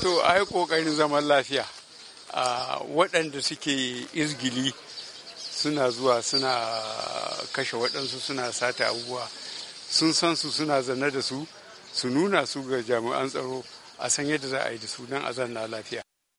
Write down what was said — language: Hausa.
to a yi ƙoƙarin zaman lafiya waɗanda suke izgili suna zuwa suna kashe waɗansu suna sata abubuwa sun san su suna zanne da su su nuna su ga jami'an tsaro a san yadda za a yi da su don a zanna lafiya